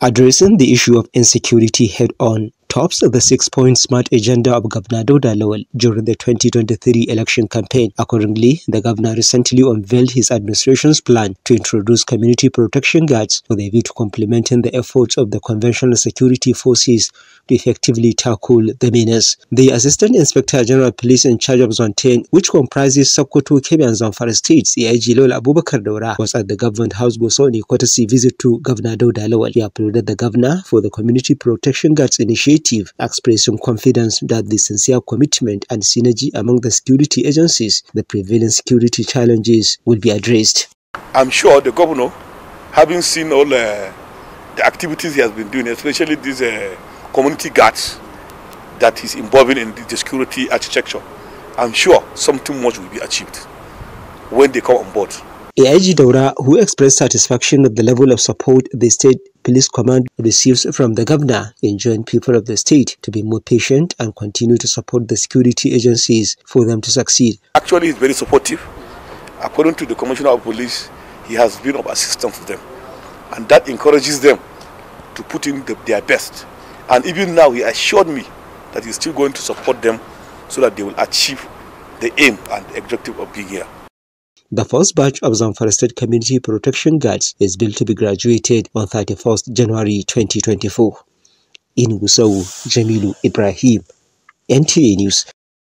Addressing the issue of insecurity head-on tops the six-point smart agenda of Governor Doda Lowell during the 2023 election campaign. Accordingly, the governor recently unveiled his administration's plan to introduce community protection guards with a view to complementing the efforts of the conventional security forces to effectively tackle the menace. The Assistant Inspector General of Police in charge of Zone 10, which comprises Sokoto, Kebbi and Zamfara states, AIG Lowell Abubakar Daura, was at the government house Bosoni courtesy visit to Governor Doda Lowell. He applauded the governor for the community protection guards initiative positive, expressing confidence that the sincere commitment and synergy among the security agencies, the prevailing security challenges will be addressed. I'm sure the governor, having seen all uh, the activities he has been doing, especially these uh, community guards that he's involving in the security architecture, I'm sure something much will be achieved when they come on board. AIG who expressed satisfaction at the level of support the state police command receives from the governor, enjoined people of the state to be more patient and continue to support the security agencies for them to succeed. Actually, he's very supportive. According to the commissioner of police, he has been of assistance to them. And that encourages them to put in the, their best. And even now, he assured me that he's still going to support them so that they will achieve the aim and the objective of being here. The first batch of Zamfara State Community Protection Guards is built to be graduated on 31st January 2024. In Gusau, Jamilu Ibrahim, NTA News.